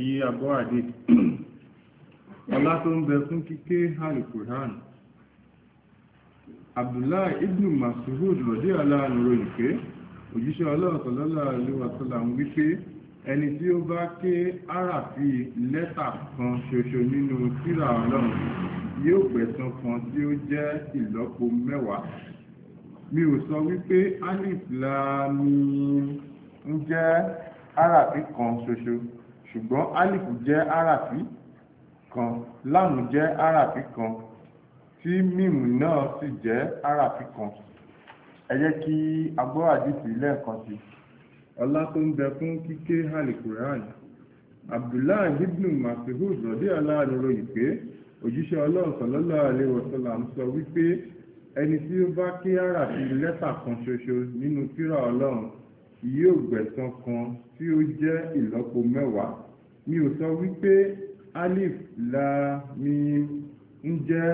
tí a gbọ́ àdé ọlá tó ń bẹ fún kíké alukur'an abdullahi ibn mas'ud rọ̀dí aláàrùn ìpé òjíṣẹ́ ọlọ́ọ̀tọ̀lọ́lá àlúwàtọ́lá ń wípé ẹni tí ó bá ké àràfí lẹ́tà kan ṣoṣo nínú tírà ọlọ́run yóò gbẹ̀san kan tí ó jẹ́ ìlọ́po mẹ́wàá mi ò sọ wípé alif láàmì ń jẹ́ àràfí kan ṣoṣo ṣùgbọ́n alifu jẹ́ arafi kan láàmù jẹ́ arafi kan tí mímù náà sì jẹ́ arafi kan ẹ jẹ́ kí a gbọ́ àdìsí lẹ́ẹ̀kan sí ọlá tó ń bẹ fún kíké alikuraani abdullahi ibn masihud rọ̀dí aláàrọ̀rọ̀ yìí pé òjíṣẹ́ ọlọ́run sallallahu alaihi wasallam sọ wípé ẹni tí ó bá kí arafi lẹ́tà kan ṣoṣo nínú tírà ọlọ́run yóò gbẹ̀san kan tí ó jẹ́ ìlọ́po mẹ́wàá mi ò sọ wípé alif láàmì ń jẹ́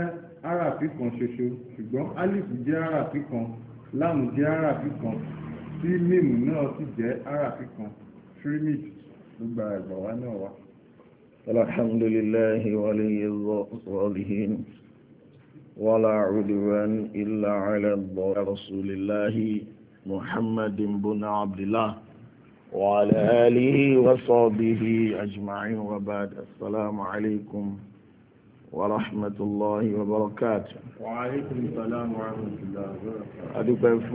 áràfí kan ṣoṣo ṣùgbọ́n alif jẹ́ áràfí kan láàmù jẹ́ áràfí kan tí mímù náà sì jẹ́ áràfí kan trimid gbogbo àgbà wa náà wá. alhamdulillahi waliyyi salihin wala udwan illa ala Allah rasulillahi. محمد بن عبد الله وعلى آله وصحبه أجمعين وبعد السلام عليكم ورحمة الله وبركاته وعليكم السلام ورحمة الله وبركاته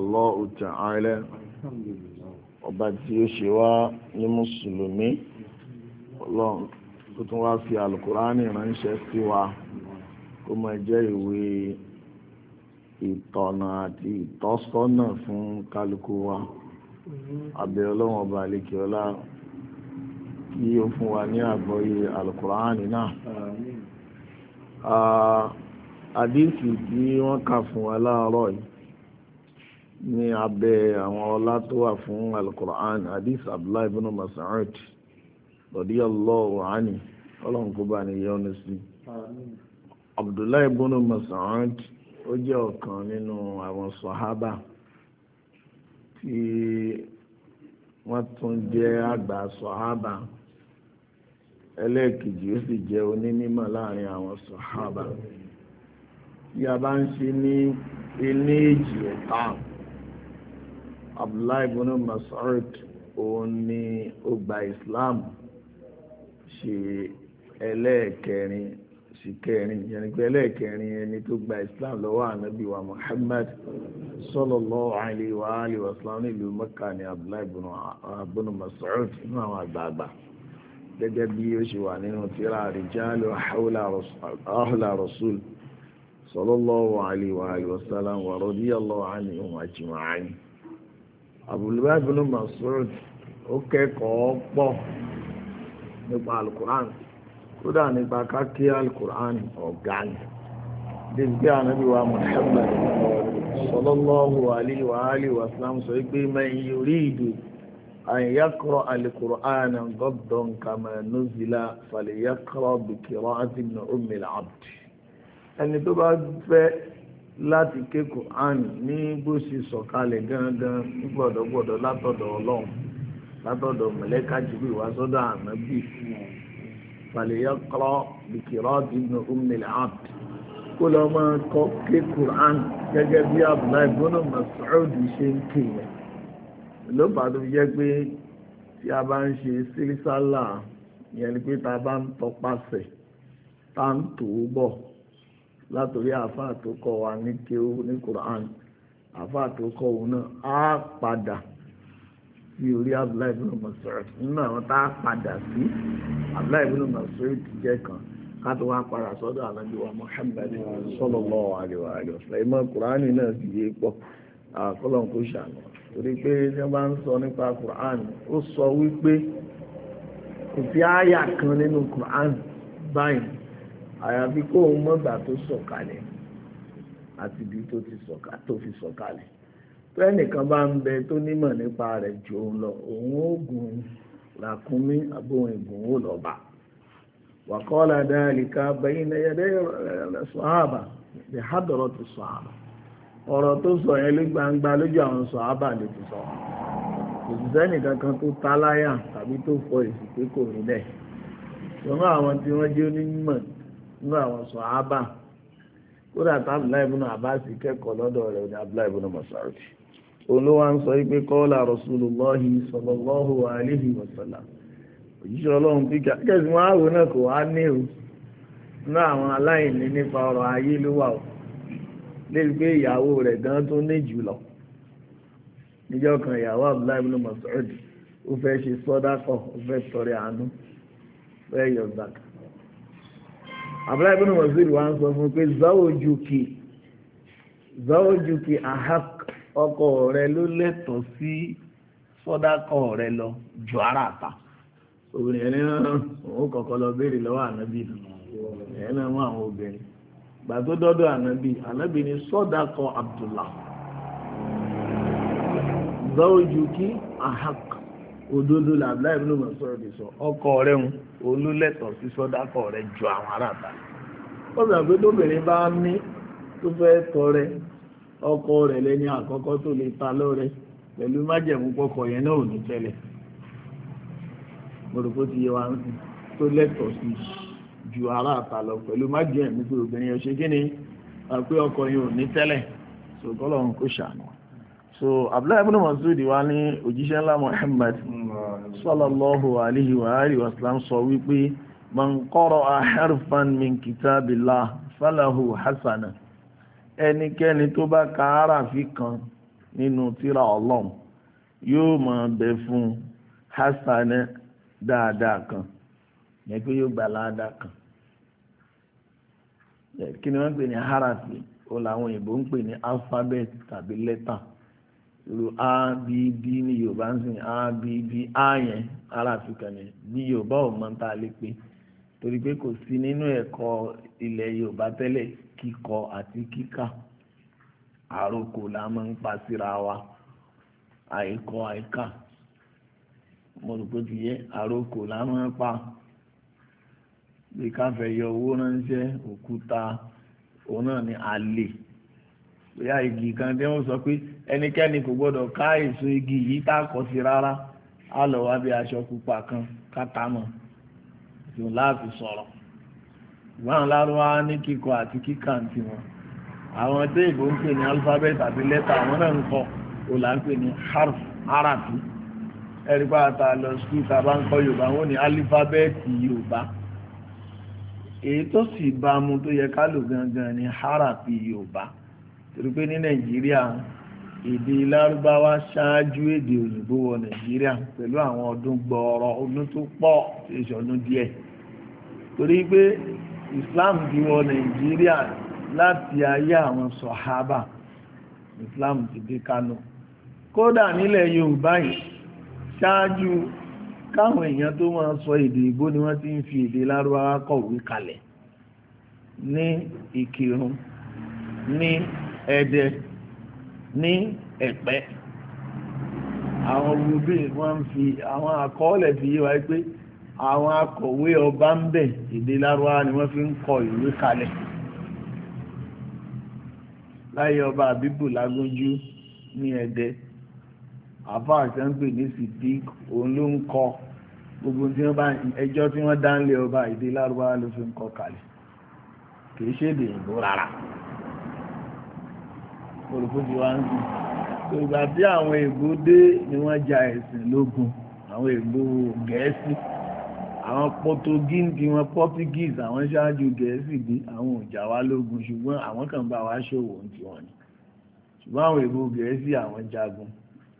الله تعالى الحمد لله ọba tí ó ṣe wá ní mùsùlùmí ọlọ́run tó ìtọ̀nà àti ìtọ́sọ́nà fún kálukú wa ọlọ́run ọba àlekè kí o fún wa ní àgbọ́yé alukùránì náà àdísì tí wọ́n kà fún wa láàárọ̀ yìí ní abẹ́ àwọn ọlá tó wà fún alukùránì abdullahi ọlọ́run kó bá ní yọ́nú sí abdullahi ibn ó jẹ́ ọ̀kan nínú àwọn sọ̀hábà tí wọ́n tún jẹ́ àgbà sọ̀hábà ẹlẹ́ẹ̀kejì ó sì jẹ́ onímọ̀ láàrin àwọn sọ̀hábà bí a bá ń ṣe ní ilé èjì Abdullahi ni ó gba Islam ṣe ẹlẹ́ẹ̀kẹrin sí kẹrin yẹnìgbẹ́ lẹ́ẹ̀kẹrin ẹni tó gba islam lọ́wọ́ ànábì wa muhammad sallallahu alaihi wa alihi wa sallam nílùú mẹ́kà ní abdullahi ibn mas'ud nínú àwọn àgbààgbà gẹ́gẹ́ bí ó ṣe wà nínú tírà rijalu hawla rasul sallallahu alaihi wa alihi wa sallam wa radiyallahu anhum ajma'in abdullahi ibn mas'ud ó kẹ́kọ̀ọ́ pọ̀ nípa alukuran kódà nípa kákí alukur'an ọ̀gá ni dèbí ànábì wa Muhammad sallallahu alayhi wa alihi wa sallam sọ pé man yuridu an yaqra alukur'an ghaddan kama nuzila falyaqra bi qira'ati ibn ummi al-abd ẹni tó bá fẹ́ láti ké Qur'an ní bó ṣe sọ̀kalẹ̀ gangan gbọ́dọ̀gbọ́dọ̀ látọ̀dọ̀ Ọlọ́run látọ̀dọ̀ mọ̀lẹ́kà ìwà sọ́dọ̀ ànábì fàlẹ́yọ́kọ́ bìkìrọ́ ibn umil abd kó lọ máa kọ́ ké quran gẹ́gẹ́ bí abdullahi ibn Mas'ud ṣe ń ké yẹn ló bá tó fi jẹ́ pé tí a bá ń ṣe sírísálà yẹn ni pé ta bá ń tọpasẹ̀ tá ń tò ó bọ̀ látòrí àáfàá tó kọ́ wa ní kéwú ní quran àáfàá tó kọ́ òun náà á padà. sí orí abdullahi ibn Mas'ud nínú àwọn tá a padà sí abdullahi ibn kan káàtó wá para sọ́dọ̀ ànábì wa muhammed sallallahu wa ìmọ̀ kùránì náà sì yé pọ̀ àkọlọ́n kò torí pé tí wọ́n bá ń sọ nípa kùránì ó sọ wípé kò sí kan nínú báyìí àyàfi mọ̀gbà tó sọ̀kalẹ̀ àti fi sọ̀kalẹ̀. tẹ́nìkan bá ń bẹ tó nímọ̀ nípa rẹ̀ jù òun lọ òun ó làkúnmí àbóhun ìgùn lọ́ba wàkọ́lá dáàlìkà bẹ̀yìn ẹ̀yẹ́dẹ́ ti ọ̀rọ̀ tó sọ yẹn ló gbangba lójú àwọn ti sọ kò sì sẹ́nìkan kan tó ta láyà tàbí tó fọ èsì pé kò rí ṣùgbọ́n àwọn tí wọ́n jẹ́ onímọ̀ nínú àwọn kódà tábìlá kẹ́kọ̀ọ́ lọ́dọ̀ rẹ̀ ní olówá ń sọ wípé kọ́lá Rasulullahi sallallahu alaihi wa sallam òjíṣẹ́ ọlọ́run tí kẹ́sì wọn àwò náà kò wá ní o ní àwọn aláìní nípa ọ̀rọ̀ ayé ló wà o lébi pé ìyàwó rẹ̀ gan tó ní jù lọ níjọ́ kan ìyàwó Abdullahi ibn Mas'ud ó fẹ́ ṣe sọ́dákọ̀ ó fẹ́ tọrẹ àánú fẹ́ yọ zaka Abdullahi ibn Mas'ud wa ń sọ fún pé záwòjúkì záwòjúkì ahab ọkọ rẹ ló lẹ́tọ̀ọ́ rẹ lọ ju ara àta obìnrin ẹni náà òun kọ̀kọ́ lọ béèrè lọ́wọ́ ànábì ẹni náà wọn àwọn obìnrin gbà tó dọ́dọ̀ ànábì ànábì ni sọ́dákọ̀ Abdullah ahak òdodo làbúlá ìbínú mọ̀sọ́rọ̀ sọ ọkọ rẹ ń olólẹ́tọ̀ sí rẹ àwọn ará àta ó pé tóbìnrin bá ní tó ọkọ rẹ̀ lẹ́ni àkọ́kọ́ tó lè ta lọ́rẹ pẹ̀lú májẹ̀mú pọkọ̀ yẹn náà ò ní tẹ́lẹ̀ gbọ́dọ̀kọ́ ti yẹ wa tó lẹ́tọ̀ọ́ sí ju ara àta lọ pẹ̀lú májẹ̀mú pé obìnrin yẹn ṣe kí ni pé ọkọ yẹn ò ní tẹ́lẹ̀ so kọ́lọ́run kò ṣàánú so abdullahi ibn masud wa ní òjíṣẹ́ ńlá muhammad sallallahu alayhi wa alihi wa sallam sọ wípé man qara'a harfan min kitabillah falahu hasana ẹnikẹ́ni tó bá ka aráàfin kan nínú tírà ọlọ́run yóò máa bẹ fún hasana dáadáa kan yẹn pé yóò gbà láàdá kan kí ni wọ́n ń pè ní harafi ó làwọn òyìnbó ń pè ní alphabet tàbí lẹ́tà irú a b b ní yorùbá ń sìn a b b a yẹn harafi kan ní bí yorùbá ò mọ tá a lè pè torí pé kò sí nínú ẹ̀kọ́ ilẹ̀ yorùbá tẹ́lẹ̀ kíkọ àti kíkà àròkò la máa ń pa síra wa àìkọ àìkà mo rò pé ti yẹ àròkò la máa ń pa bí káfẹ́ yọ owó ránṣẹ́ òkúta òun náà ni àlè bóyá igi kan tí wọ́n sọ pé ẹnikẹ́ni kò gbọ́dọ̀ ká èso igi yìí tá a kọ sí rárá á lọ wá bí aṣọ pupa kan ká tá a mọ̀ tó láàfin sọ̀rọ̀ ìbáwọn lárúbáwá ní kíkọ àti kíkà ń tiwọn àwọn tí ìbò ń pè ní alphabet àti lẹ́tà àwọn náà ń kọ ò ń pè ní harf arabi ẹ̀rí pa àtà lọ skul tàbá ń kọ yorùbá wọn ni alifábẹ́ẹ̀tì yorùbá èyí tó sì bá mu tó yẹ ká lò gangan ni harafi yorùbá torí pé ní nàìjíríà èdè lárúbáwá ṣáájú èdè òyìnbó wọ nàìjíríà pẹ̀lú àwọn ọdún gbọọrọ ọdún tó pọ̀ ṣèṣọ ọdún díẹ̀ torí pé Islam ti wọ Nàìjíríà láti ayé àwọn sọ̀hábà Islam ti dé Kánò kódà nílẹ̀ Yorùbá yìí ṣáájú káwọn èèyàn tó máa sọ èdè ìgbó ni wọ́n ti ń fi èdè lárúbáwá kọ̀wé kalẹ̀ ní ìkírun ní ẹ̀dẹ ní ẹ̀pẹ́ àwọn olùgbé wọ́n fi àwọn àkọọ́lẹ̀ fi yé wa pé àwọn akọ̀wé ọba ń bẹ̀ èdè lárúbáwá ni wọ́n fi ń kọ ìwé kalẹ̀ láyé ọba àbíbù lágúnjú ní ẹ̀dẹ́ àfa àṣẹ́ǹpè ní sidik òun ló ń kọ gbogbo tí wọ́n bá ẹjọ́ tí wọ́n dánlé ọba èdè lárúbáwá ló fi ń kọ kalẹ̀ kì í ṣèdè ìbò rárá olùkójú wa ń sùn ìgbà tí àwọn ègbò dé ni wọ́n ja ẹ̀sìn lógun àwọn ègbò gẹ̀ẹ́sì àwọn pọtogíǹdì wọn portuguese àwọn ṣáájú gẹ̀ẹ́sì bí àwọn òjà wá lógun ṣùgbọ́n àwọn kan bá wá ṣòwò ní tiwọn ni ṣùgbọ́n àwọn èbó gẹ̀ẹ́sì àwọn jagun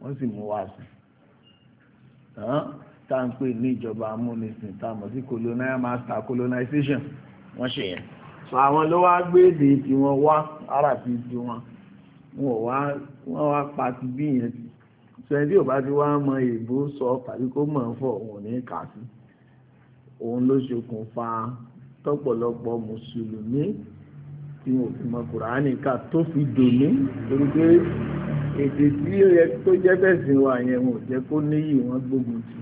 wọ́n sì mú wá sí tá ń pè ní ìjọba amúnisìn tá mọ̀ sí colonial master colonization wọ́n ṣe yẹn so àwọn ló wá gbé èdè tí wọ́n wá àràfi tí wọ́n wọ́n wá pa ti bí yẹn so ẹni tí ò bá ti wá mọ èbó sọ tàbí kó mọ̀ ń fọ̀ òun ní kà sí òun ló ṣokùnfà tọ́pọ̀lọpọ̀ mùsùlùmí tí wọn fi mọ kùránì ká tó fi dòní torí pé èdè tí ó yẹ tó jẹ́ bẹ̀sìn wa yẹn wọn ò jẹ́ kó níyì wọn gbógun tì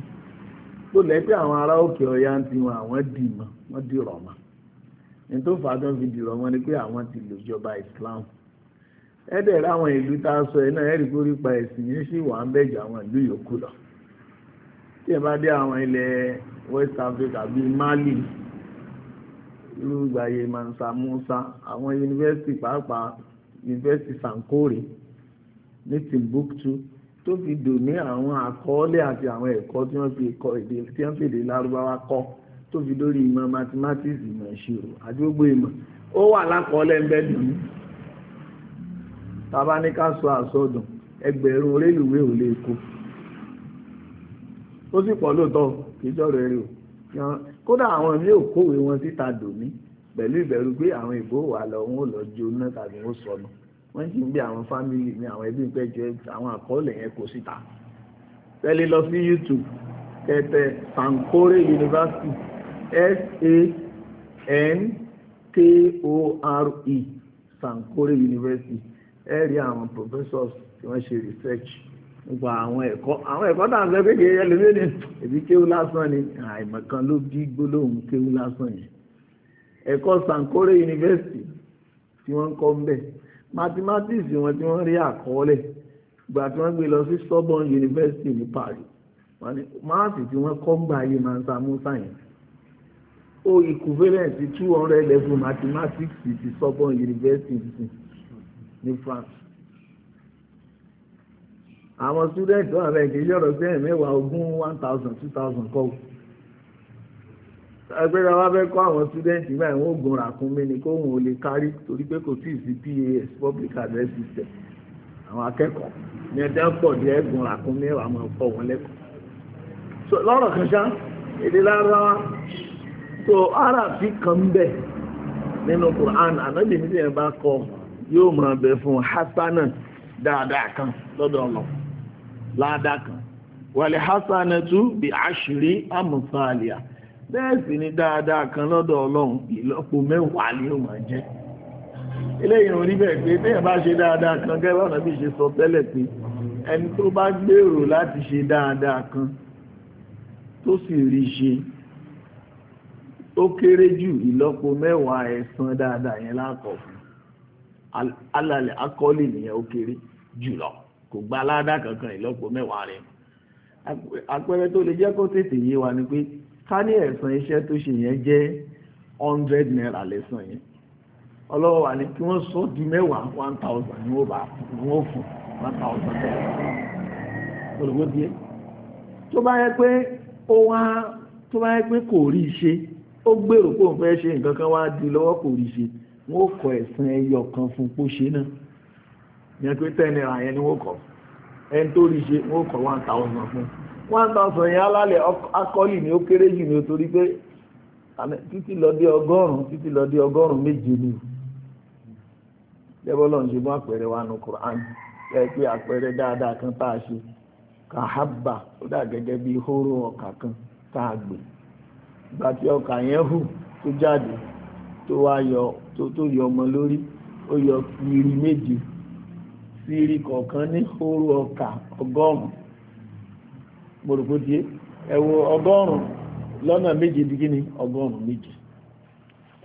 tó lẹ́pẹ́ àwọn ará òkè ọ̀yá ń tiwọn àwọn dì wọ́n dìrọ̀ mọ́ ní tó fà á tó fi dìrọ̀ mọ́ ni pé àwọn ti lò ìjọba Islam ẹ̀dẹ̀ ráwọn ìlú tá a sọ ẹ̀ náà ẹ̀rí kórí pa ẹ̀sìn yẹn sì wà ń bẹ̀jọ àwọn ìlú yòókù lọ tí ẹ bá dé àwọn ilẹ̀ West Africa bíi Mali irúgbàyè Mansa Musa àwọn yunifásitì pàápàá yunifásitì Sankore ní Timbuktu tó fi dòní àwọn àkọọ́lẹ̀ àti àwọn ẹ̀kọ́ tí wọ́n fi kọ́ èdè tí wọ́n fi èdè lárúbáwá kọ́ tó fi dórí ìmọ̀ mathematics ìmọ̀ ìṣirò àti gbogbo ìmọ̀ ó wà lákọọ́lẹ̀ ń bẹ́ dùnú tàbá ní ká sọ àsọdùn ẹgbẹ̀rún rélùwé ò lè kó ó sì pọ̀ lóòótọ́ kìí sọ̀rọ̀ eré o kódà àwọn mi ò kówé wọn síta dòní pẹ̀lú ìbẹ̀rù pé àwọn ìbò wà lọ wọn ò lọ jóná tàbí wọn sọnù wọ́n sì ń gbé àwọn fámìlì mi àwọn ẹbí pẹ́ àwọn àkọọ́lẹ̀ yẹn kò síta tẹ́lẹ̀ lọ sí YouTube kẹtẹ Sankore University S-A-N-K-O-R-E Sankore University ẹ àwọn professors tí wọ́n ṣe research gbogbo àwọn ẹ̀kọ́ àwọn ẹ̀kọ́ náà sọ pé kìí ẹlòmí ni èbí kéwú lásán ni àìmọ̀kan ló bí gbólóhùn kéwú lásán yẹn ẹ̀kọ́ Sankore University tí wọ́n ń kọ́ ń bẹ̀ mathematics wọn tí wọ́n rí àkọọ́lẹ̀ gbà tí wọ́n gbé lọ sí Sorbonne University ní Paris wọ́n ní máàsì tí wọ́n kọ́ ń gbà yé máa ń sa musa yẹn ó equivalent two hundred level mathematics ti Sorbonne University ní France àwọn student wà bẹ́ẹ̀ kì í yọ̀rọ̀ sí ẹ̀mẹ́wàá ogún one thousand two thousand kọ́ ẹgbẹ́ra wa fẹ́ kọ́ àwọn student ìgbà ìwọ̀n ogun ràkúnmí ni kó wọn ò lè kárí torí pé kò tíì sí PAS public address system àwọn akẹ́kọ̀ọ́ ní ẹ̀dá pọ̀ di ẹ̀gùn ràkúnmí ẹ̀wà máa fọ wọn lẹ́kọ̀ọ́ lọ́rọ̀ kan ṣá èdè lárúbáwá so arabi kan ń bẹ nínú Quran ànábì níbi ẹ̀ bá kọ yóò máa bẹ fún hasanan dáadáa kan lọ́dọ̀ ọlọ́run ládà kan wàlẹ̀ hasanatu bí aṣírí amúfàlìyà bẹ́ẹ̀ sì ni dáadáa kan lọ́dọ̀ ọlọ́run ìlọ́po mẹ́wàá ni ó máa jẹ́ eléyìí ò rí bẹ́ẹ̀ pé bẹ́ẹ̀ bá ṣe dáadáa kan gẹ́gẹ́ ọ̀nà bí ṣe sọ tẹ́lẹ̀ pé ẹni tó bá gbèrò láti ṣe dáadáa kan tó sì rí ṣe ó kéré jù ìlọ́po mẹ́wàá ẹ̀san dáadáa yẹn lákọ̀ọ́ fún alálẹ̀ akọ́lé nìyẹn ó kéré jùlọ kò gba aládá kankan ìlọ́po mẹ́wàá rẹ̀ àpẹẹrẹ tó lè jẹ́ kó tètè yé wa ni pé ká ní ẹ̀san iṣẹ́ tó ṣe yẹn jẹ́ hundred naira lẹ́san yẹn ọlọ́wọ́ wa ni kí wọ́n sọ di mẹ́wàá one thousand ni wọ́n bá wọ́n fún one thousand naira olùkó díẹ̀ tó bá yẹ pé ó wá tó bá yẹ pé kò rí i ṣe ó gbèrò pé òun fẹ́ ṣe nǹkan kan wá di lọ́wọ́ kò rí i wọ́n kọ ẹ̀san ẹyọ kan fún pọ́ṣẹ́ náà yẹn pé ten naira yẹn ni wọ́n kọ̀ tó rí ṣe wọ́n kọ̀ one thousand fún one thousand yẹn ni ó kéré jù ní torí pé títí lọ dé ọgọ́rùn-ún títí lọ dé ọgọ́rùn-ún méje ni lẹ́bọ̀ ṣe àpẹẹrẹ wa nu kan tá a ṣe kàhábà ó dà gẹ́gẹ́ hóró ọkà kan tá a ọkà yẹn hù tó jáde tó wá yọ tó yọ ọmọ kiri méje Siri kọ̀ọ̀kan ní hóró ọkà ọgọ́rùn-ún gbòrògbòdìé ẹ̀wọ̀ ọgọ́rùn-ún lọ́nà méje dígí ní ọgọ́rùn-ún méje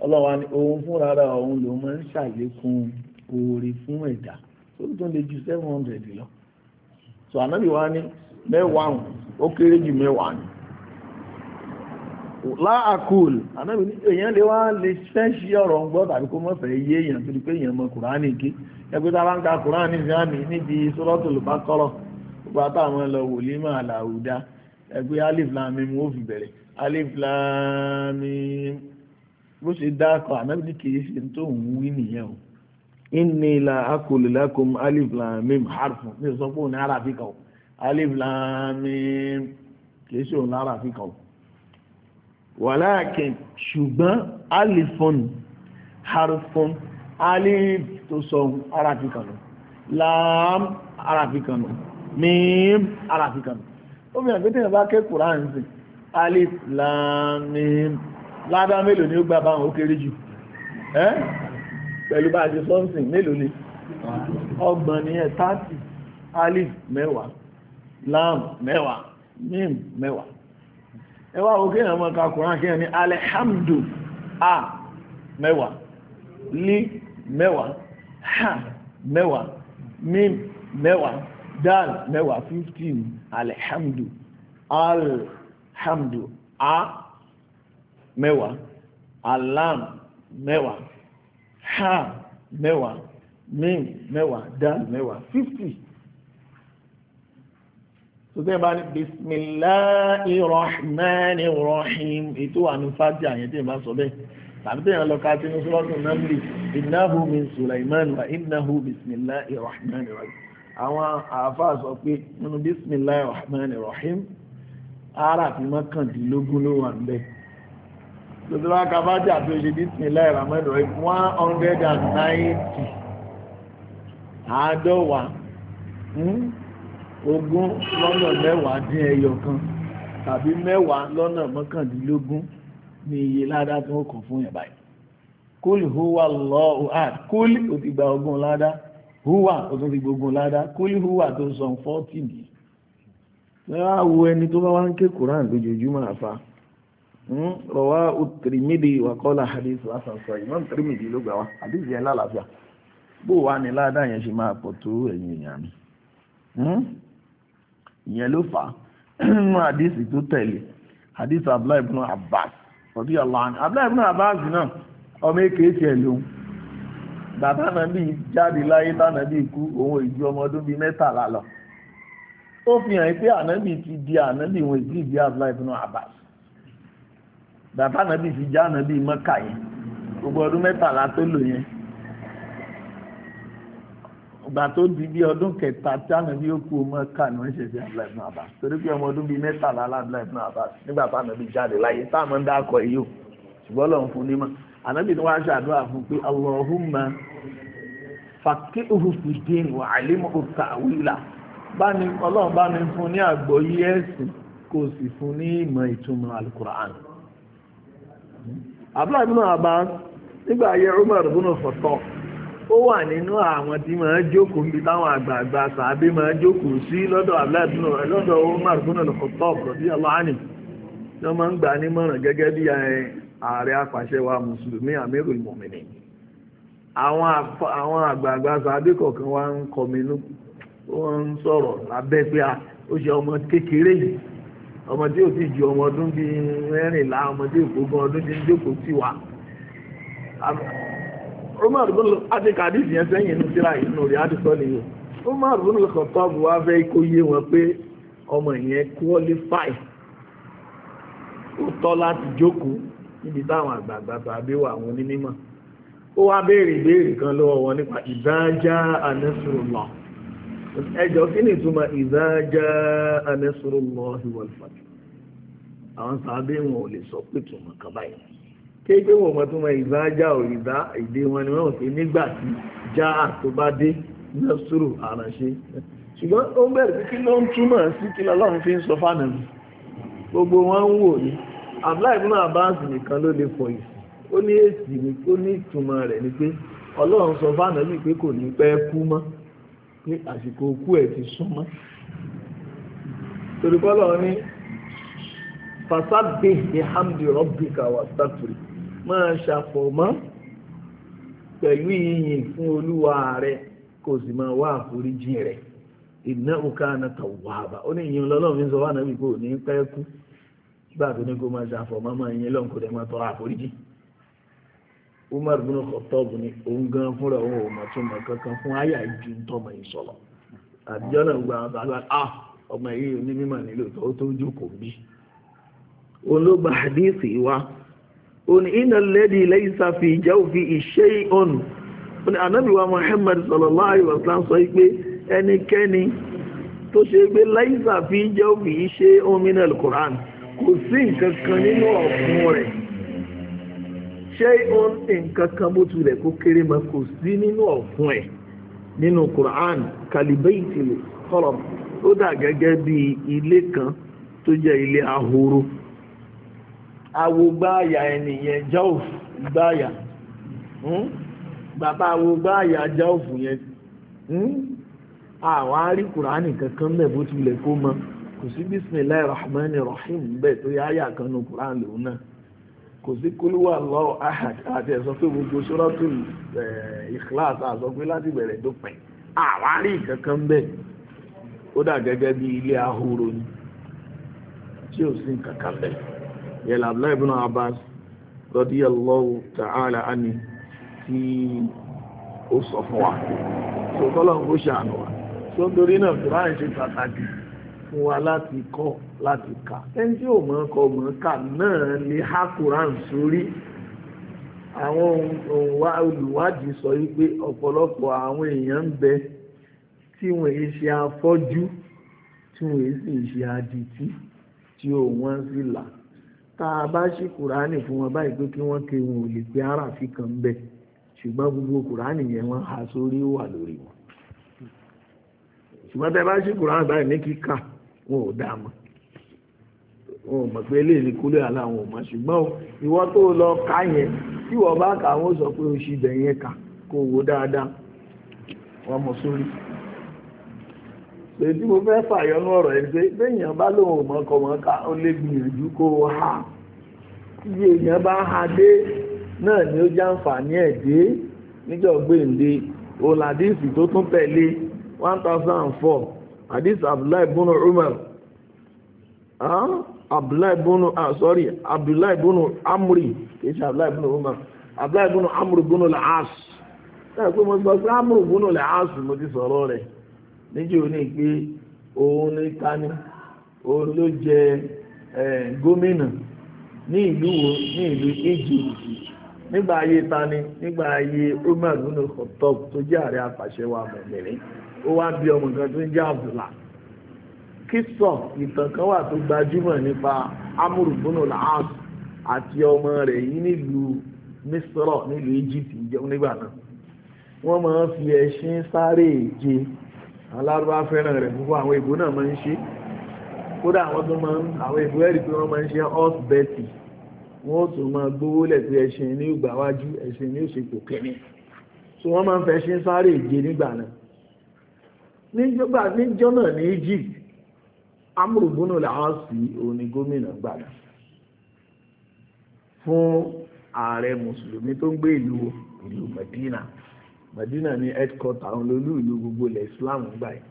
ọlọ́wà ni òun fúnra ara òun lòun máa ń ṣàlékún oore fún ẹ̀dá tó tó lè ju seven lọ so ànábì wa ní mẹ́wàá ó kéré jù mẹ́wàá ni láàkùl ànábì ní èèyàn lè wá lè fẹ́ ṣí ọ̀rọ̀ ń gbọ́ tàbí kó mọ̀ yé èèyàn torí pé èèyàn mọ kùránì ké ẹgbẹ́ bá ń ka Quran ní ìsìlámì níbi Suratul Baqarah gbogbo àtàwọn ẹlọ wòlímọ̀ àlàúdá ẹgbẹ́ alif lam mim ó fi bẹ̀rẹ̀ alif lam mim bó ṣe dákọ̀ ànábì ní kìí ṣe tó ń wí nìyẹn o inni la akulu lakum alif lam mim harfun mi ní ara o alif lam mim kìí ṣe òun lára fi o wàláàkìn ṣùgbọ́n alifun harfun alif tó sọun ara fi kànù láàm ara fi kànù mím ara fi kànù ó mìíràn pé tèèyàn bá ké Kùránì sí alif láàm mím ládá mélòó ni ó gbà báwọn ó kéré jù ẹ́ pẹ̀lú bá ṣe sọ́nsìn mélòó ni ọgbọ̀n ni ẹ̀ tààtì alif mẹ́wàá láàm mẹ́wàá mím mẹ́wàá ẹ wá wo kéèyàn mọ̀ ká Kùránì kéèyàn ní alhamdu a mẹ́wàá lí mẹ́wàá ha mẹ́wàá mim mẹ́wàá dal mẹ́wàá fifteen alhamdu alhamdu a mẹ́wàá alam mẹ́wàá ha mẹ́wàá mim mẹ́wàá dal mẹ́wàá fifty sọ́tẹ́ bá ní bismillahir rahmanir rahim ètò ànúfàjà yẹn tẹ́ sọ bẹ́ẹ̀ tàbí tẹ̀yàn lọ ká tinú sọ́lọ́tún námlì innahu min Sulaiman wa innahu bismillahi rahman rahim àwọn àáfàá sọ pé nínú bismillahi rahman rahim ara fi mọ́kàndínlógún ló wà níbẹ̀ tòtò bá tó ṣe bismillahi rahman rahim one hundred and ninety àádọ́wàá hmm, ogún lọ́nà mẹ́wàá dín ẹyọ kan tàbí mẹ́wàá lọ́nà mọ́kàndínlógún ní iye ládá tó kàn fún yẹn báyìí kólì húwà Allahu ahad kólì ó ti gba ogún ládá húwà ó tún ti gbogbo ládá kólì húwà tó sọ fọ́tì nì lọ́wọ́ ẹni tó bá wá ń ké Quran lójoojúmọ́ àfa hmm? rọwá Tirmidhi wàkọ́lá hadith lásán sọ Imam Tirmidhi ló gbà wá hadith yẹn lálàáfíà bó wá ní ládá yẹn ṣe máa pọ̀ tó ẹ̀yìn èèyàn mi hmm? ìyẹn ló fà á nínú hadith tó tẹ̀lé hadith Abdullahi ibn Abbas ọ̀bí ọ̀làn abdullahi ibn abbas náà ọmọ èké tiẹ̀ lòun bàbá nàbí jáde láyé tànàbí ikú òun ìjú ọmọ ọdún bíi mẹ́tàlá lọ ó fi hàn pé ànábì ti di ànábì wọn ìdí ìdí abdullahi ibn abbas bàbá nàbí fi já ànábì mọ́kà yẹn gbogbo ọdún mẹ́tàlá tó lò yẹn ìgbà tó di bí ọdún kẹta tí ànábì ó kú ọmọ ká ní wọ́n ṣe sí Abdullahi ibn Abbas torí pé ọmọ ọdún bíi mẹ́tàlá Abdullahi ibn Abbas nígbà tá ànábì jáde láyé táwọn ń dákọ̀ yìí o ṣùgbọ́n lọ́n fún nímọ̀ ànábì ni wọ́n á ṣàdúrà fún pé Allahumma faqihuhu fi din wa alimhu ta'wila bá ní ọlọ́run bá ní fún ní àgbọ́yé ẹ̀sìn kò sì fún ní ìmọ̀ ìtumọ̀ alukur'an Abdullahi ibn Abbas nígbà ayé Umar ibn Khattab ó wà nínú àwọn tí máa jókòó níbi táwọn àgbààgbà sàábé máa jókòó sí lọ́dọ̀ abdullahi lọ́dọ̀ Umar gẹ́gẹ́ bí wa mùsùlùmí amirul mu'minin àwọn àgbààgbà sàábé kọ̀ọ̀kan ń ń sọ̀rọ̀ lábẹ́ pé ó ṣe ọmọ kékeré yìí ọmọ tí ti Umar bin adékadìsì yẹn sẹ́yìn inú síra inú rẹ̀ adìsọ́ ni yìí Umar bin Khattab wá fẹ́ kó yé wọn pé ọmọ yẹn qualify ó tọ́ láti jókòó níbi táwọn àgbààgbà tàbí wà àwọn onímọ̀ ó wá béèrè ìbéèrè kan lọ́wọ́ wọn nípa ìdájá anẹ́sùrùlọ́ ẹjọ́ kí ni ìtumọ̀ ìdájá anẹ́sùrùlọ́ ìwọ̀lfàdì àwọn sàábé wọn ò lè sọ pé tùmọ̀ kàbáyìí kéèké wọ̀n mọ́ tó mọ ìgbà já ò ìgbà èdè wọn ni wọ́n fi nígbà tí já àtó bá dé lọ́sùrù àránṣe ṣùgbọ́n ó ń bẹ̀rẹ̀ kí ló ń túmọ̀ sí kí lọ́lọ́run fi ń sọ fánàmì gbogbo wọn ń wò ní Abdullahi ibn Abbas nìkan ló lè fọ ìsìn ó ní èsì ni ó ní ìtumọ̀ rẹ̀ ni pé ọlọ́run sọ fánàmì pé kò ní pẹ́ kú mọ́ pé àsìkò kú ẹ̀ ti súnmọ́ torí kọ́lọ́ ní fasabih bihamdi rabbika wastaghfir máa ṣàfọ̀mọ́ pẹ̀lú ìyìn fún olúwa rẹ kò sì máa wá àforíjì rẹ ìná òkà náà tàwàbà ó ní ìyìn lọ́lọ́run ń sọ wà náà wípé ò ní pẹ́ kú gbà tó ní kó máa ṣàfọ̀mọ́ máa ìyìn lọ́n dẹ̀ máa tọrọ àforíjì Umar bin Khattab ni òun gan fúnra òun ò mọ̀ tó mọ̀ kankan fún àyà ìjù tọmọ ìsọ̀lọ̀ àdìjọ́ náà gba àwọn àgbà ah ọmọ yìí onímọ̀ nílò tó tó jókòó bí olóògbà àdéhìí wa òní iná lẹ́dí lẹ́yìn sáfì ìjẹ́ òfin ìṣe ọ̀nù òní anábìwá Muhammad sallallahu alaihi wasallam sọ pé ẹnikẹ́ni tó ṣe pé lẹ́yìn sáfì ìjẹ́ òfin ìṣe ọ̀mìnà alukoran kò sí nǹkan kan nínú ọ̀fun rẹ̀ ṣé ọ̀n nǹkan kan bó tilẹ̀ kó kéré ma kò sí nínú ọ̀fun ẹ̀ nínú koran kalibaiti kọlọm ó dà gẹ́gẹ́ bí ilé kan tó jẹ́ ilé ahoro awogbáàyà ẹnìyẹn jọ́ọ̀fù gbáàyà hmm? bàbá awogbáàyà jọ́ọ̀fù yẹn àwọn hmm? aríkùránì kankan mẹ́ bó tilẹ̀ kó mọ́ kò sí bísmìlá ìrọ̀hámẹ́ni rọ̀hìm bẹ́ẹ̀ tó yáyà kan nù kùrán lòun náà kò sí kúlúwà Allahu àti ẹ̀sọ́ pé gbogbo ṣọ́rọ́tù ìkíláàsì àsọ pé láti bẹ̀rẹ̀ tó pẹ̀ àwọn arí kankan bẹ́ẹ̀ ó dà gẹ́gẹ́ bí ilé ahoro ni tí ò sí kankan bẹ́ẹ̀ yẹn Abdullahi ibn Abbas radiyallahu ta'ala anhu tí ó sọ fún wa tó kọ́lọ̀ ń kó ṣàánú wa tó torí náà tó ráyè ṣe pàtàkì fún wa láti kọ́ láti kà ẹni tí ò mọ̀ kọ́ mọ̀ kà náà lè há Quran sórí àwọn olùwádìí sọ wípé ọ̀pọ̀lọpọ̀ àwọn èèyàn ń bẹ tí wọ́n èyí ṣe afọ́jú tí wọ́n èyí sì ṣe adití tí ò wọ́n sì là tá a bá ṣí kùránì fún wọn báyìí pé kí wọ́n ké wọn ò lè pe aráàfin kan bẹ̀ ṣùgbọ́n gbogbo kùránì yẹn wọ́n há sórí wà lórí wọn ṣùgbọ́n tá bá ṣí kùránì báyìí ní kíkà wọn ò dá mọ́ wọn ò mọ̀ pé eléyìí ni kúlẹ̀ àlá wọn ò mọ̀ ṣùgbọ́n ìwọ tó lọ ká yẹn tí wọ́n bá kà wọ́n sọ pé o ṣì dẹ̀ yẹn kà kó wò dáadáa wọ́n mọ̀ sórí. lèdí mo fẹ́ fàyọnú ọ̀rọ̀ ẹ̀ pé béèyàn bá lóun mọ̀ọ́kọ̀mọ̀ọ́ká ó lè gbìyànjú kó o ha iye èèyàn bá ha dé náà ni ó jàǹfààní ẹ̀ dé níjọ̀gbèǹde òun àdìsí tó tún tẹ̀lé one thousand and four àdìsí abdullahi bunu umar abdullahi bunu ah sorry abdullahi bunu amri kì í ṣe abdullahi bunu umar abdullahi bunu amri bunu la'as pé mo sọ pé amri bunu la'as mo ti sọ̀rọ̀ rẹ̀. níjẹ́ òní pé òun ní tani òun ló jẹ gómìnà ní ìlú wo ní ìlú Egypt nígbà ayé tani nígbà ayé Umar nínú Khattab tó jẹ́ ààrẹ apàṣẹ wa mọ̀mìnrin ó wá bí ọmọ kan tó ń jẹ́ Abdullah kísọ̀ ìtàn kan wà tó gbajúmọ̀ nípa Amr ibn al-As àti ọmọ rẹ̀ yìí nílùú Misra nílùú Egypt nígbà náà wọ́n máa ń fi ẹṣin sáré èje àwọn lárúbá fẹ́ràn rẹ̀ púpọ̀ àwọn ìbò náà máa ń ṣe kódà àwọn tó máa ń àwọn ìbò ẹ̀rí pé wọ́n máa ń ṣe horse betty wọ́n tún máa gbówó lẹ̀ pé ẹṣin ní ìgbà wájú ẹṣin ní òṣèpò kẹ́ni so wọ́n máa ń fẹ́ ṣe ń sáré ìje nígbà náà níjọba níjọ náà ní Egypt amúrùbúnú làwọn sì òní gómìnà gbàdá fún ààrẹ mùsùlùmí tó ń gbé ìlú ìlú Medina Madina ni headquarter àwọn olólùlù gbogbo ilẹ̀ Islam gbà yìí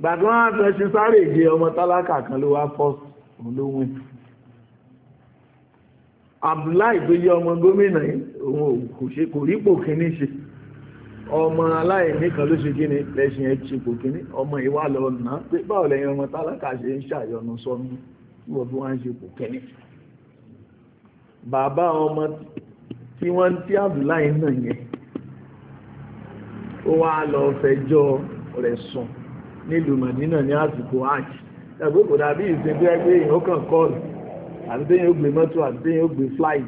gbàgbọ́ wọn àti ẹṣin sáré ìje ọmọ tálákà kan ló wá fọ́ọ̀sì òun ló wìn Abdullahi tó yẹ ọmọ gómìnà yìí òun kò ṣe kò rípò kíní ṣe ọmọ aláìní kan ló ṣe kíní lẹ́ṣin ẹ̀ ṣe kò kíní ọmọ ìwà lọ nà pé báwo lẹ́yìn ọmọ tálákà ṣe ń ṣàyọnu sọnù tí wọ́n fi wá ń ṣe kò kíní bàbá ọmọ tí wọ́n ń tí Abdullahi náà yẹn ó wá lọ fẹjọ re sùn nílùú Màdínà ní àsìkò hajj ẹgbẹ́ dàbí ìsinmi ẹgbẹ́ yìí kàn kọ́ọ̀lù àti téyàn ó gbé mọ́tò àti téyàn ó gbé flight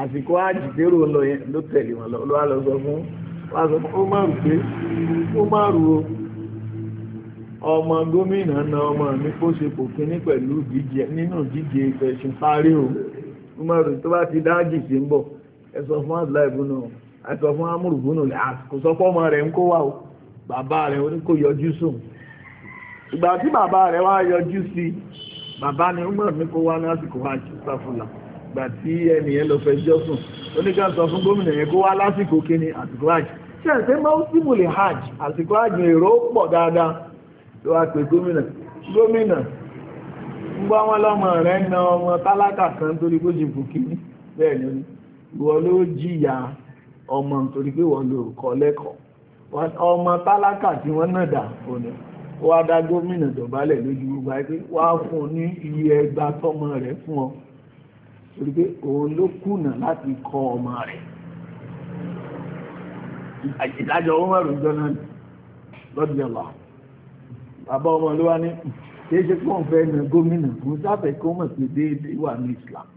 àsìkò hajj dérò lọ yẹn ló tẹ̀lé wọn lọ wá lọ sọ fún wá sọ fún ó má rù pé ó ọmọ gómìnà na ọmọ mi kó ṣe kò kíní pẹ̀lú nínú ìdíje o ó má rù tó bá ti dájì sí ń bọ̀ ẹ sọ àìsọ fún amúrùgbónà ah, kò sọ fọ́mọ rẹ̀ ń kó wà o bàbá rẹ̀ ó ní kó yọjú sùn ìgbà tí bàbá rẹ̀ wá yọjú sí bàbá ni umar ní kó wá lásìkò wá jù sáfùlà ìgbà tí ẹni yẹn lọ fẹjọ́ sùn oníkà sọ fún gómìnà yẹn kó wá lásìkò kíní àsìkò hajj ṣe ẹ̀ pé mọ́símù lè hajj àsìkò hajj èrò pọ̀ dáadáa ló na ọmọ tálákà kan torí kó jìbù kíní ọmọ nítorí pé wọ́n lò kọ́ lẹ́kọ̀ọ́ ọmọ tálákà tí wọ́n náà dà òní wá dá gómìnà dọ̀bálẹ̀ lójú gbogbo ayé pé wá fún un ní iye ẹgbàá tọmọ rẹ̀ fún ọ torí pé òun ló kùnà láti kọ́ ọmọ rẹ̀ ìdájọ́ ọmọ rẹ̀ jọ náà lọ́dí ọ̀la bàbá ọmọ ló wá ní kìí ṣe pọ́n fẹ́ na gómìnà kò sáfẹ́ kó mọ̀ pé déédéé wà ní Islam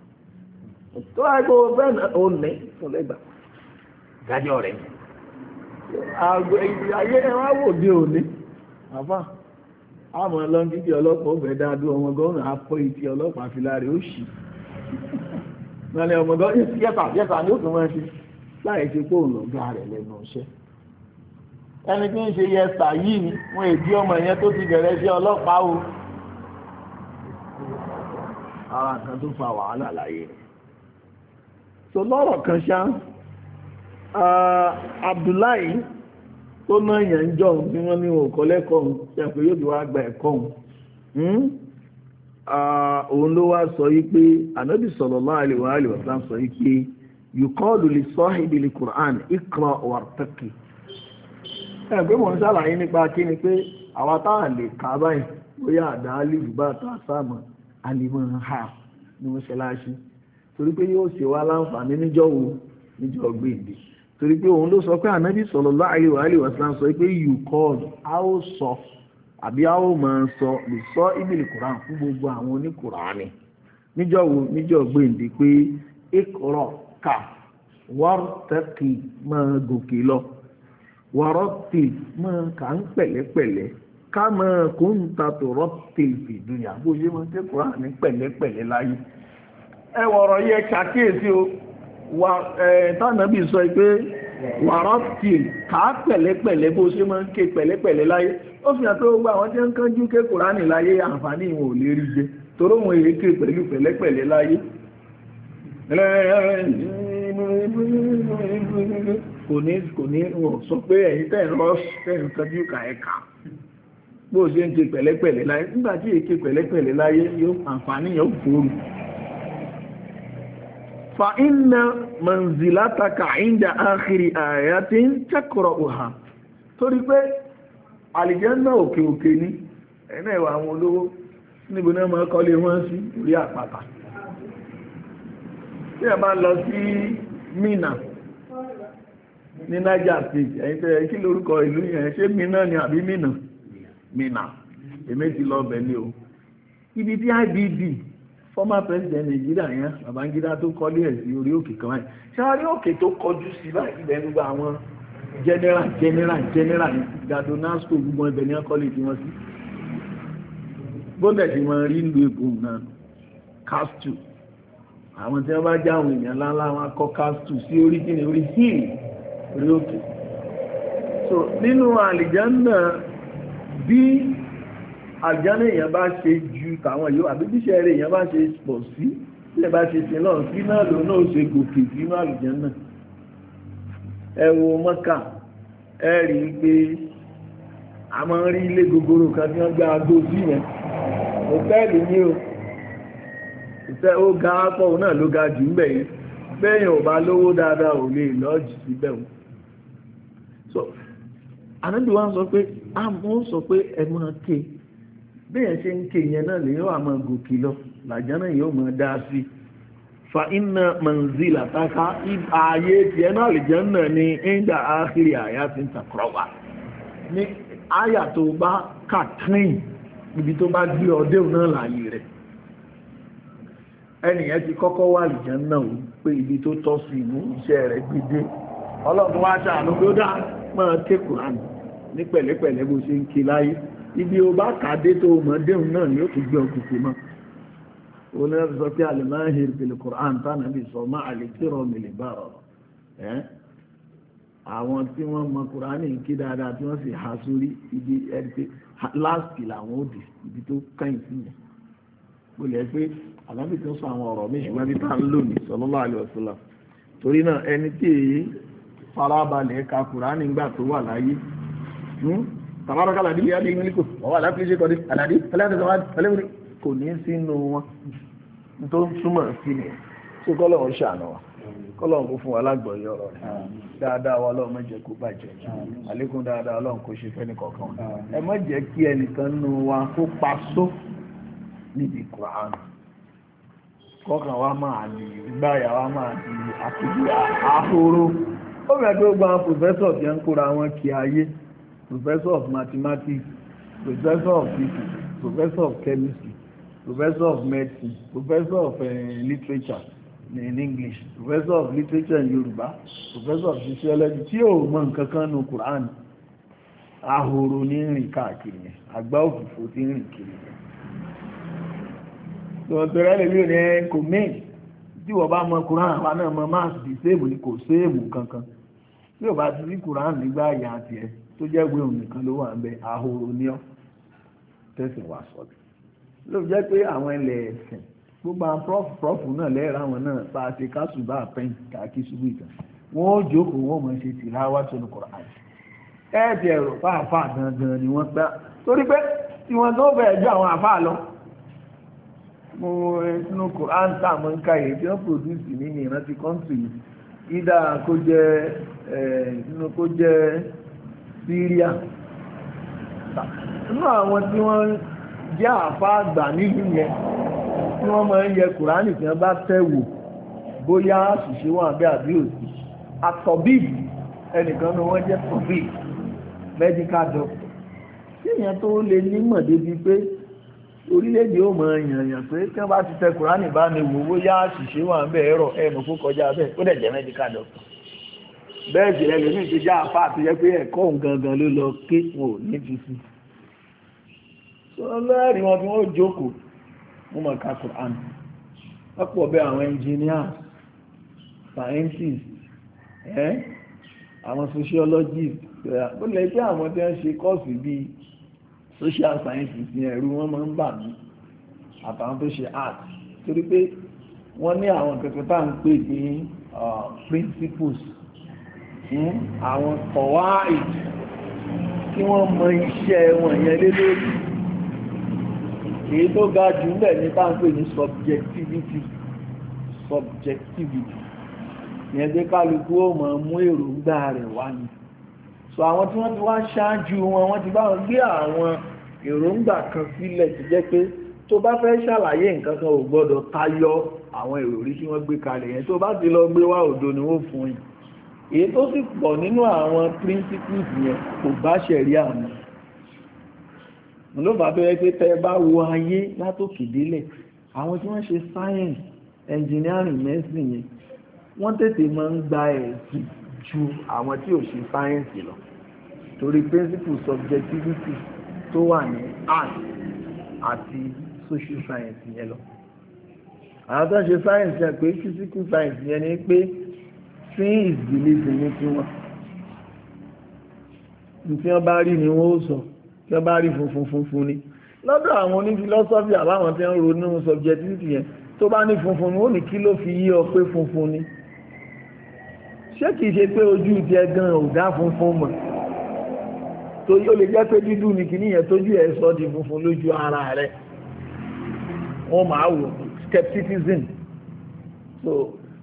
tó wáyé fẹ́ na òun ní ìtọ́lẹ́gbàá ìdájọ́ rẹ̀ ayé ẹ̀rọ àwòdí òní àfà àmọ́ lọ́ngídì ọlọ́pàá ọ̀fẹ́ dáadú ọmọ ìtì ọlọ́pàá fi láre ó ṣì lálẹ́ ọmọ gọ́ọ̀nà yẹ́sà ẹni tí ń ṣe yìí ni wọn ọmọ tó ti bẹ̀rẹ̀ o ara nǹkan tó fa láyé rẹ̀ kan ṣáá Abdullahi tó ná èèyàn jọ bí wọ́n ní òkọ́ lẹ́kọ̀ọ́ ṣe yóò hmm? sọ yí pé ànábì sallallahu alaihi sọ yí pé yùkọ́ọ̀lù lè sọ ìbìlì Qur'an pé mò ń ṣàlàyé nípa kí ni pé àwa táà lè báyìí bóyá àdá bá ta sáàmù alìmọ̀ ha torí pé yóò ṣe wá láǹfààní níjọ́ wo torí pé òun ló sọ pé ànábì sallallahu alaihi wasallam sọ pé you call a ó sọ àbí a ó máa sọ lè sọ ibìlì kùrán fún gbogbo àwọn oníkùránì níjọ́ wo níjọ́ gbèǹdé pé ikọ̀rọ̀ kà wọ́rọ̀tẹ́kì máa gòkè lọ wọ́rọ̀tì máa kà ń pẹ̀lẹ́pẹ̀lẹ́ ká máa kó ń ta ké ní pẹ̀lẹ́pẹ̀lẹ́ láyé ẹ wọ̀rọ̀ yẹ kàkíyèsí o. tánàbí sọ pé wàrọ́ tí ká pẹ̀lẹ́pẹ̀lẹ́ bó ṣe máa ń ké pẹ̀lẹ́pẹ̀lẹ́ láyé ó fi àtọ́ gbogbo àwọn jẹ́ ń kánjú ké kùránì láyé àǹfààní ìwọ̀n ò lè rí jẹ wọn èyí ké pẹ̀lú pẹ̀lẹ́pẹ̀lẹ́ láyé ní láyé fa inna manzilataka inda akhiri ayatin takra'uha torí pé àlìjẹ́nà òkè òkè ní ẹ̀nà ìwà àwọn olówó níbi náà máa kọ́lé wọ́n sí orí àpáta tí ẹ bá lọ sí Mina ní Niger State ẹ̀yìn tẹ́ kí lórúkọ ìlú yẹn ṣé Mina ni àbí Mina Mina èmi ti lọ bẹ̀ ní o ibi tí IBD former president nàìjíríà yẹn babangida tó kọ́lé ẹ̀ sí orí òkè kan báyìí ṣé wọ́n òkè tó kọjú sí báyìí ibẹ̀ gbogbo àwọn general general general gado nasco gbogbo ẹbẹ̀ ní kọ́lé tí wọ́n sí bóńdẹ̀ tí wọ́n rí ìlú èkó náà castle àwọn tí wọ́n bá já àwọn èèyàn ńláńlá wọn kọ́ castle sí orí kíni orí hill orí òkè so nínú àlìjá náà bí àjánà èèyàn bá ṣe ju tàwọn yóò àbí bíṣẹ́ rẹ̀ èèyàn bá ṣe pọ̀ sí tí ẹ bá ṣe sin náà sí náà lòun náà ṣe gòkè sínú àlùjánà ẹ wo mọ́kà ẹ rí i pé a máa ń rí ilé gogoro kan tí wọ́n gbé aago sí yẹn òtẹ́ẹ̀lì ni o òtẹ́ ó ga pọ̀ náà ló ga jù ń bẹ̀ yẹn bẹ́yàn ò bá lówó dáadáa ò lè lọ́ọ̀jì síbẹ̀ wọn so ànábì wa sọ pé àmọ́ sọ pé ẹ máa ké bẹ́ẹ̀ ṣe ń ké yẹn náà lèyàn wà máa gòkè lọ làjá náà yóò máa dá sí fa iná manzila taka ààyè tiẹ̀ náà lè jẹ́ náà ní inda ahiri àyà ti ń takọrọ wa ní àyà tó bá ibi tó bá gbé ọdẹ náà láàyè rẹ̀ ẹnìyẹn ti kọ́kọ́ wà lìjẹ́ náà wò ibi tó tọ́ sí iṣẹ́ rẹ̀ gbígbé ọlọ́run wá ṣàánú ó dá ké ibi o bá kàdé tó mọ̀ déhùn náà ni ó tún gbé ọkùn sí mọ́ o ní ẹ̀sọ́ pé alimahir bil Qur'an tánà bí sọ má àlèkírọ̀ mìlì bá ọ̀rọ̀ ẹ́ àwọn tí wọ́n mọ Qur'an kí dáadáa tí wọ́n sì há sórí ibi ẹni pé last làwọn ó dì ibi tó kẹ́yìn sí yẹn o lè pé àlábì tó sọ àwọn ọ̀rọ̀ mi ṣùgbọ́n tá ń lò ní sallallahu alaihi wasallam torí náà ẹni tí farabalẹ̀ ka Qur'an nígbà tó wà láyé hmm? tàbárakà àlàdí bí alẹ́ ìmìlíkò wọ́n wà láti ṣe kọ́dé àlàdí alẹ́wọ̀dé kò ní sínú wọn tó ń túmọ̀ sí ni tó kọ́lọ̀ ń ṣàánú wa kọ́lọ̀ kó fún wa lágbọ̀ọ́yé ọ̀rọ̀ rẹ̀ dáadáa wa ọlọ́run má jẹ́ kó bàjẹ́ àlékún dáadáa ọlọ́run kó ṣe fẹ́ni kọ̀ọ̀kan ẹ má jẹ́ kí ẹnìkan nù wa kó pa só níbi Kùránì kọ́kàn wa máa lè gbáyà wa máa lè àtúgbò àhóró ó rẹ̀ gbogbo àwọn pòfẹ́sọ̀ tí ń kóra wọn kí ayé professor of mathematics professor of physics professor of chemistry professor of medicine professor of uh, literature in english professor of literature in yorùbá professor of sociology tí ò mọ nǹkan kan nu quran ahoro ní rìn káàkiri yẹn àgbá òfìfo tí ń rìn kiri yẹn tòǹtòrẹ́ lèmi ò ní ẹ kò mẹ́yìn tí wọ́n bá mọ quran àwa náà mọ mass bí sèèmù ni kò sèèmù kankan tí ò bá ti rí quran nígbà yà á tó jẹ́ ìwé òun nìkan ló wà ń bẹ ahoro ní ọ tẹ̀sìn wà sọ́ọ̀bì ló jẹ́ pé àwọn ilẹ̀ ẹ̀sìn gbogbo àwọn prọ́fù prọ́fù náà lẹ́ẹ̀rọ àwọn náà bá a ṣe kásùbà pẹ́ǹ káàkiri ṣubú ìtàn wọ́n ó jókòó wọ́n mọ̀ ṣe tìláwá tó lùkọ̀ àti ẹ̀ẹ́dì ẹ̀rọ fáàfáà gangan ni wọ́n gbá torí pé tí wọ́n tó bẹ̀ẹ̀ ju àwọn àfáà lọ mo ẹ̀sìn Quran a mọ̀ ń ka yìí tí wọ́n produce ní ìrántí country yìí ìdá kó jẹ́ ẹ̀ẹ́dì Syria nínú àwọn tí wọ́n jẹ́ àfá àgbà nílùú yẹn tí wọ́n máa ń yẹ kùránì tí wọ́n bá tẹ̀ wò bóyá àṣìṣe wọn àbí àbí òsì àtọ̀bíìbì ẹnìkan ni wọ́n jẹ́ tọ̀bíìbì medical doctor tí èèyàn tó lè nímọ̀ débi pé orílẹ̀-èdè ó mọ èèyàn pé tí wọ́n bá ti tẹ̀ kùránì bá mi wò bóyá àṣìṣe wọn àbẹ̀ ẹ̀rọ ẹ̀mọ̀ kó kọjá bẹ́ẹ̀ ó dẹ̀ jẹ́ medical doctor bẹ́ẹ̀ sì ẹlòmíì ti já apá àti jẹ́ pé ẹ̀kọ́ gangan ló lọ ké wọn ò ní fi sí sọlẹ́rìí wọn tí wọ́n jókòó wọ́n mọ̀ ká Quran lọ́pọ̀ bẹ́ẹ̀ àwọn engineers scientists ẹ́ àwọn sociologists ó lè jẹ́ àwọn tí wọ́n ṣe kọ́ọ̀sì bíi social sciences ní ẹ̀rú wọn máa ń bà mí àtàwọn tó ṣe art torí pé wọ́n ní àwọn kẹ̀kẹ́ tá à ń pè ní principles àwọn kọ̀wá ìdí kí wọ́n mọ iṣẹ́ wọn yẹn lé lórí èyí tó ga jù lẹ̀ ní táǹpé ní subjectivity subjectivity yẹn pé kálukú ó mọ̀ mú èròǹgbà rẹ̀ wá ni so àwọn tí wọ́n ti wá ṣáájú wọn wọ́n ti bá wọn gbé àwọn èròǹgbà kan sílẹ̀ tó jẹ́ pé tó bá fẹ́ ṣàlàyé nǹkan kan ò gbọ́dọ̀ tayọ àwọn èrò tí wọ́n gbé kalẹ̀ yẹn tó bá ti lọ gbé wá òdo ni wọ́n fún yìí èyí tó sì pọ̀ nínú àwọn principles yẹn kò bá ṣẹ̀rí àmì ló bá bẹ́rẹ̀ pé tẹ́ bá wo ayé látòkè délẹ̀ àwọn tí wọ́n ṣe science engineering medicine yẹn wọ́n tètè máa ń gba ẹ̀sìn ju àwọn tí ò ṣe science lọ torí principle subjectivity tó wà ní art àti social science yẹn lọ àwọn tó ń ṣe science yẹn pé physical science yẹn ni pé sin ìgbìlẹ̀sìn ní tiwọn tí wọ́n bá rí ni wọ́n ó sọ tí wọ́n bá rí funfun funfun ni lọ́dọ̀ àwọn onífilọ́sọ́fì àbáwọn tí wọ́n ronú subjectivity yẹn tó bá ní funfun ni ó ní kí ló fi yí ọ pé funfun ni ṣé kìí ṣe pé ojú ti ẹ gan ò dá funfun mọ̀ tó yóò lè jẹ́ pé dúdú ni kìíní yẹn tójú ẹ sọ di funfun lójú ara rẹ̀ wọ́n máa wò skepticism so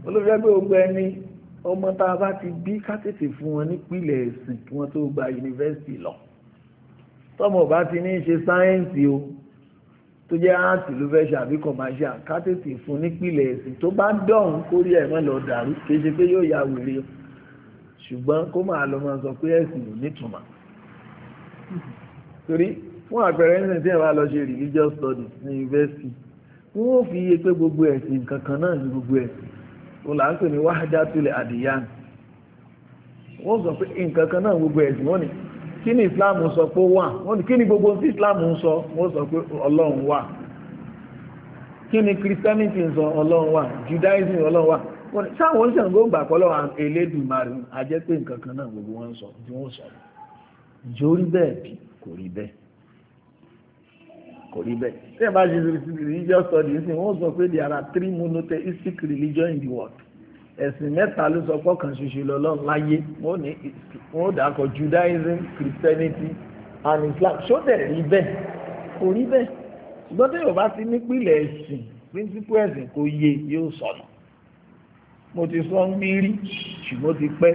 olóògbé pé gbogbo ẹni ọmọ tá a bá ti bí ká tètè fún wọn nípìnlẹ̀ ẹ̀sìn kí wọ́n tó gba yunifásitì lọ tọmọ bá ti ní í ṣe sáyẹ́ǹsì o tó jẹ́ áàtì ló fẹ́ ṣàbí kọ̀máṣíà ká tètè fún nípìnlẹ̀ ẹ̀sìn tó bá dọ̀hún kórí ẹ̀ mọ́ lọ dàrú kìí ṣe pé yóò ya wèrè o ṣùgbọ́n kó máa lọ máa sọ pé ẹ̀sìn ò nítumọ̀ torí fún àpẹẹrẹ ẹ̀sìn tí ẹ̀ bá lọ ṣe religious studies ní yunifásitì wọ́n fi iye pé gbogbo ẹ̀sìn kankan náà ní gbogbo ẹ̀sìn òun là ń pè ní wahdatul adiyan wọ́n sọ pé nǹkan náà gbogbo ẹ̀sìn wọ́n ni islam sọ pé wà wọ́n ní kí ni gbogbo tí islam sọ wọ́n sọ pé ọlọ́run wà kí ni christianity sọ ọlọ́run wà judaism ọlọ́run wà wọ́n ní sáwọn oníṣègùn gbà pọ́lọ́ Elédùmarè ajẹ́ kò rí bẹ́ẹ̀ tí ẹ bá ṣe religious studies ní wọ́n sọ pé there are three monotheistic religion in the world ẹ̀sìn mẹ́ta ló sọ pé ọ̀kan ṣoṣo lọ́lọ́run láyé wọ́n ní wọ́n dàkọ̀ Judaism Christianity and Islam ṣó dẹ̀ rí bẹ́ẹ̀ kò rí bẹ́ẹ̀ ṣùgbọ́n tí yorùbá ti nípìnlẹ̀ ẹ̀sìn principle ẹ̀sìn kò yé yóò sọnù mo ti sọ ń bí rí ṣùgbọ́n ti pẹ́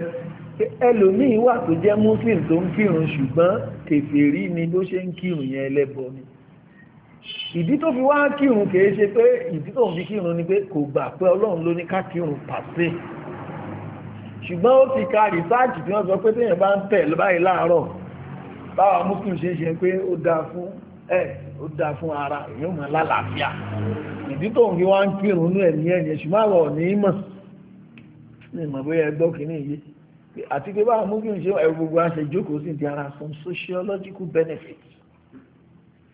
ẹlòmíín wà tó jẹ́ muslim tó ń kírun ṣùgbọ́n kèfèrí ni ló ṣe ń kírun yẹn ẹlẹ́bọ ni ìdí tó fi wá kírun kìí ṣe pé ìdí tó fi kírun ni pé kò gbà pé ọlọ́run ló ní ká kírun pàṣẹ ṣùgbọ́n ó ti ka rìsáàjì tí wọ́n sọ pé téèyàn bá ń tẹ̀ báyìí láàárọ̀ báwa muslim ṣe ṣe pé ó dáa fún ẹ̀ ó dáa fún ara èyí mọ̀ lálàáfíà ìdí tó ń fi wá ń kírun ní ẹ̀mí ẹ̀yẹ ṣùgbọ́n àwọn ọ̀nà ìmọ̀ ní ìmọ̀ bóyá ẹgbọ́ kìíní yìí àti pé báwa muslim ṣe ẹ̀rù gbogbo àṣẹ sí ti ara some sociological benefits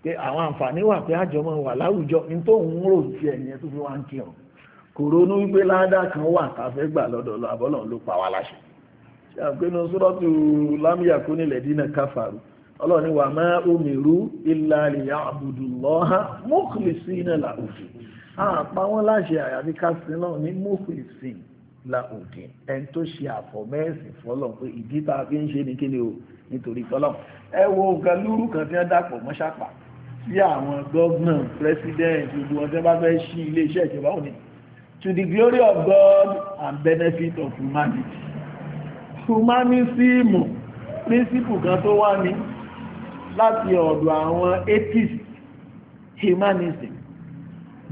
pé àwọn àǹfààní wà pé àjọmọ wà láwùjọ ní tó ń rò sí ẹ̀yìn tó fi wá ń kírun kò ronú wípé ládàá kan wà tá a fẹ́ gbà lọ́dọ̀ lọ ló pa wá láṣẹ ṣe àpinnu sọ́dọ̀tù lámìyà kó nílẹ̀ dínà káfàrú ọlọ́run ni wà má umiru illa liya'budullaha mukhlisina làwùjọ àpá wọn láṣẹ àyàfi káfíń náà ní mukhlisin làwùjọ ẹni tó ṣe àfọ̀mẹ́sì fọlọ́ pé ìdí tá a fi ń ṣe ni kí ni o nítorí fọlọ́ ẹ wo nǹkan kan tí wọ́n dàpọ̀ mọ́ṣápàá sí àwọn gọ́vnà president gbogbo ọjọ́ bá fẹ́ ṣí iléeṣẹ́ ìjọba òní to the glory of God and benefit of humanity humanism principle kan tó wá ní láti ọ̀dọ̀ àwọn atheist humanism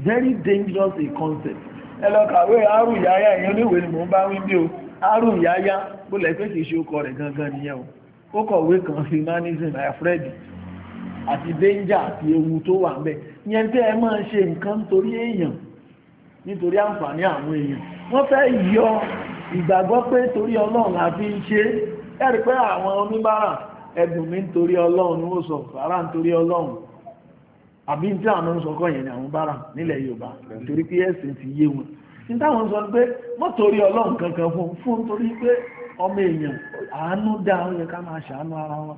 very dangerous a concept ẹlọ́kàwé arúyáyá èyàn níwèé ni mò ń bá wí bí o arúyáyá bó lẹ́fẹ́ kìí ṣe ó kọ rẹ̀ gangan nìyẹn o ó kọ̀wé kan humanism I afraid it àti danger àti ewu tó wà ń bẹ̀ yẹn tẹ́ ẹ máa ṣe nǹkan èèyàn nítorí àǹfààní àwọn wọ́n fẹ́ yọ ìgbàgbọ́ pé torí ọlọ́run la fi ń ṣe ẹ̀rí pé àwọn oníbàárà ẹ̀bùn mi nítorí ọlọ́run ni wọ́n sọ fàárà nítorí ọlọ́run àbí tí àwọn ń sọkọ yẹn ni àwọn nílẹ̀ Yorùbá torí ti yé wọn táwọn sọ pé wọ́n torí ọlọ́run kankan fún fún torí pé ọmọ èèyàn àánú dá ó yẹ ká máa ṣàánú ara wọn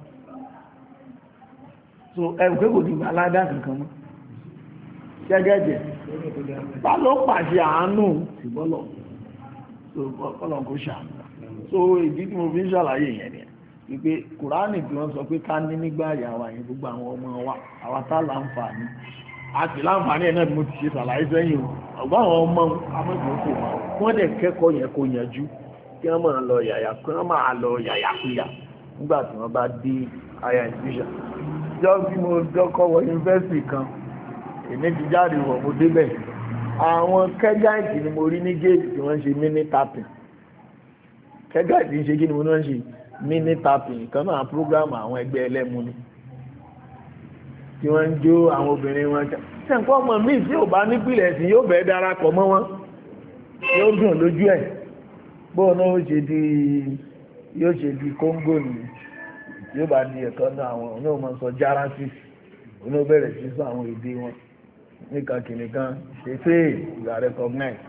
so ẹ̀wùkẹ́ kò ti gbà ládá kankan mọ́ gẹ́gẹ́jẹ̀ bá ló pàṣẹ àánú ìbọ́lọ̀ ọlọ́n kò ṣàánú so ìdí tí mo fi ń ṣàlàyé yẹn ni wípé kùránì tí wọ́n sọ pé ká ní nígbà ìyàwó àyè gbogbo àwọn ọmọ wa àwa tá láǹfààní àti láǹfààní ẹ̀ náà ni mo ti ṣe ṣàlàyé sẹ́yìn o ọ̀gbọ́n àwọn ọmọ amẹ́kọ̀ọ́ kò wọ́n dẹ̀ kẹ́kọ̀ọ́ yẹn kò yanjú kí wọ́n máa lọ yàyà kí wọ́n máa lọ yàyà kúyà nígbà tí wọ́n bá dé aya ìbíṣà ìjọ bí mo dọ́kọ́ wọ yunifásitì kan èmi ti jáde wọ̀ mo débẹ̀ àwọn kẹ́gáìtì ni mo rí ní géètì tí wọ́n ń ṣe mini tapping kẹ́gáìtì ń ṣe kí ni mo náà ń ṣe mini tapping kan náà program àwọn ẹgbẹ́ ẹlẹ́mu ni tí wọ́n ń jó àwọn obìnrin wọn jà sẹ́ǹkọ́ ọmọ mi tí ò bá nípìnlẹ̀ sí yóò bẹ̀ẹ́ darapọ̀ mọ́ wọn yóò dùn lójú ẹ̀ bóun náà yóò ṣe di kóńgò nìyí yóò bá di ẹ̀kọ́ náà àwọn oní ọmọ sọ jarasis oní bẹ̀rẹ̀ sí sọ àwọn èdè wọn nìkan kìnìkan ṣe pé ìgbà recognize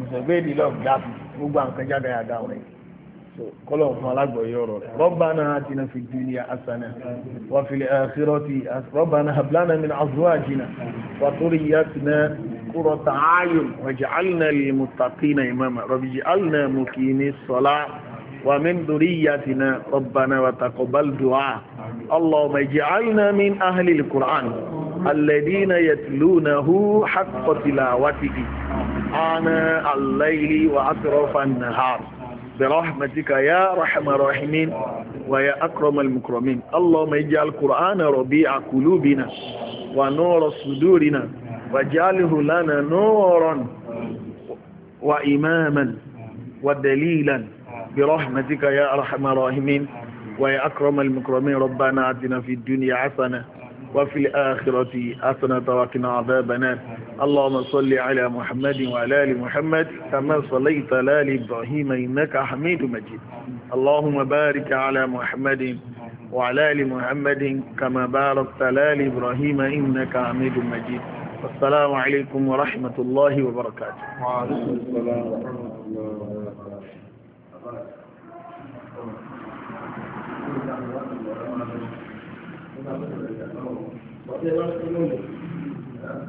ìṣọ̀gbẹ́ ìdílé ọ̀gá gbogbo àǹkan jáde àdá wọn yìí fún alágbọ̀yé ọ̀rọ̀ rẹ̀ rọ́bàna àtinà fi dúnìyà asana wà fìlẹ̀ àṣírọ́tì rọ́bàna àbúlánà mi àzúwájìnà wà torí yá ti ná kúrọ̀ tààyùn wàjì alìnà lè mú tàkínà ìmọ̀mà rọ̀bìjì alìnà mú kì í ní sọ́lá ومن ذريتنا ربنا وتقبل دعاء اللهم اجعلنا من أهل القرآن الذين يتلونه حق تلاوته آناء الليل وأطراف النهار برحمتك يا رحم الراحمين ويا أكرم المكرمين اللهم اجعل القرآن ربيع قلوبنا ونور صدورنا واجعله لنا نورا وإماما ودليلا برحمتك يا أرحم الراحمين ويا أكرم المكرمين ربنا آتنا في الدنيا حسنة وفي الآخرة حسنة وقنا عذاب النار اللهم صل على محمد وعلى آل محمد كما صليت على آل إبراهيم إنك حميد مجيد اللهم بارك على محمد وعلى آل محمد كما باركت على آل إبراهيم إنك حميد مجيد السلام عليكم ورحمة الله وبركاته وعليكم السلام ورحمة الله وبركاته But they you know.